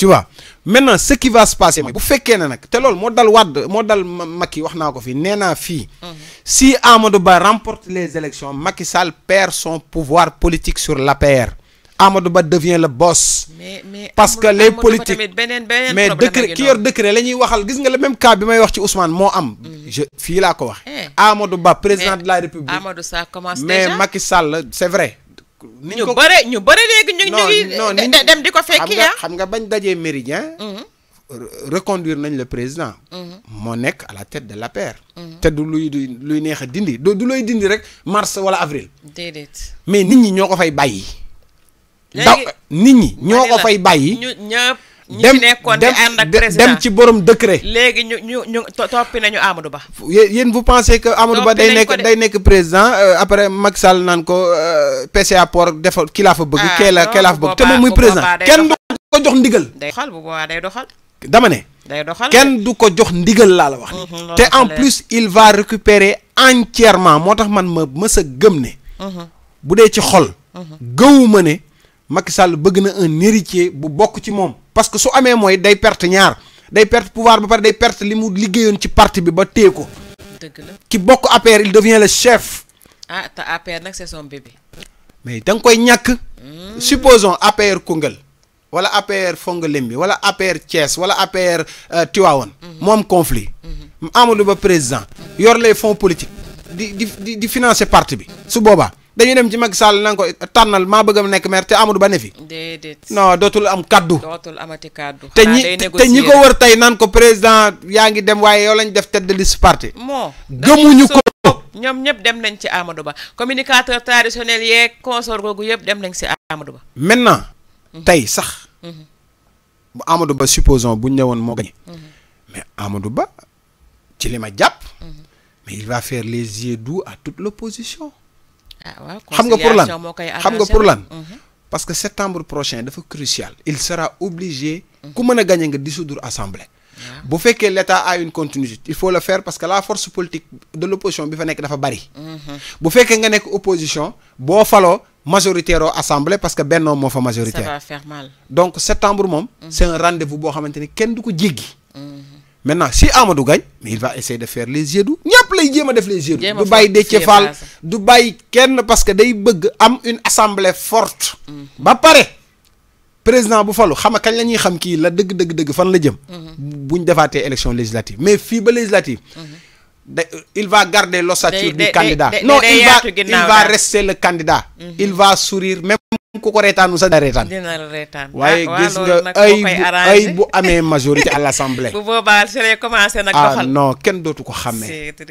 tu vois maintenant ce qui va se passer bu vous ne qu'un te loolu moo dal wad mo dal Macky wax naa ko fi mhm. si Amadou Ba remporte les élections Macky Sall perd son pouvoir politique sur l'APR Amadou Ba devient le boss parce que les politiques mais décret qui yor décret lañuy waxal gis nga le même cas bi may wax ci Ousmane mo am mhm. je suis laa ko wax eh. Amadou Ba président de la République mais Macky Sall c'est vrai ni ñu bëre ñu bëre léegi ñu ngi. non dem di ko fekki ya ah. xam nga bañ dajee méridien. Mhm. reconduire nañ la président. Mhm. moo nekk à la tête de l'APR. Mhm. te du luy luy neex a dindi du du looy dindi rek mars wala avril. déedéet mais nit ñi ñoo ko fay bàyyi. daw nit ñi ñoo ko fay bàyyi. dem ci nekkoon di ànd président dem ci borom décret. légui ñu ñu topi nañu Amadou Ba. yeen vous pensez que Amadou Ba day nekk day nekk président euh, après Macky Sall naan ko euh, PCA por defal ki laa fa bëgg. Ah, kee la kee bëgg te muy président kenn du ko jox ndigal. day doxal bu boobaa day doxal. dama ne. day doxal kenn du ko jox ndigal la la wax. ni mm-hmm, te en plus il va récupérer entièrement motax man ma mës a gëm ne. Mm-hmm. bu dee ci xol. Mm-hmm. gëwuma ne Macky Sall bëgg na un héritier bu bok ci mom parce que su amee mooy day perte ñaar day perte pouvoir ba pare day perte li mu liggéeyoon ci parti bi ba téye ko. ki bokk APR il devient le chef. ah ta APR nag c'est son bébé. mais da nga koy ñàkk. Hmm. supposons APR Koungheul wala APR Fongolembi wala APR Thiès wala APR euh, Tivaouane. moom conflit. Hmm. Amadou Ba président yor les fonds politiques di di di financer parti bi su boobaa dañuy dem ci Macky Sall na nga ko tànnal maa bëgg a maire te Amadou Ba ne fi. déedéet non dotul am cadeau dotul amati cadeau te ñi te ñi ko wër tey naan ko président yaangi dem waye yow lañ def tête de liste parti. moo gëmuñu ko. ñoom ñep dem nañ ci Amadou Ba communicateur traditionnel yeeg consort gogu yëpp dem nañ ci Amadou Ba. maintenant. Mhm. tay sax. Mhm. bu Amadou Ba supposons bu ñëwoon mo gagné. Mhm. mais Amadou Ba ci lima japp mais il va faire les yeux doux à toute l'opposition ah, xam nga pour lan xam mhm. parce que septembre prochain dafa crucial il sera obligé ku mën a gagné dissoudre assemblée bu fekkee l'état a une continuité il faut le faire parce que la force politique de l'opposition bi fa nekk dafa bari mhm. bu fekkee nga nekk opposition boo faloo majoritaire assemblée parce que Benno moo fa majoritaire ça va faire mal donc septembre mhm. c'est un rendez-vous boo xamante ni kenn du ko jéggi maintenant si Amadou gagne il va essayer de faire les yeux doux ñëpp lay jéem a def les yeux doux du bàyyi les Fall du bàyyi kenn parce que day bëgg am une assemblée forte. Mhm. ba pare président bu falu xam kañ lañuy xam ki la dëgg dëgg dëgg fan la jëm. Mhm. buñ defaatee élection législative mais fi ba législative. Mhm. De, il va garder l'ossature du candidat. non, il va, il va rester le candidat. Il va sourire, même ku ko reetaanu sa dina reetaan. dina la reetaan waaye ah, gis nga ay ay bu amee majorité à l'Assemblée. bu boobaa su commencé nag ah doxal ah non kenn dootu ko xàmmee.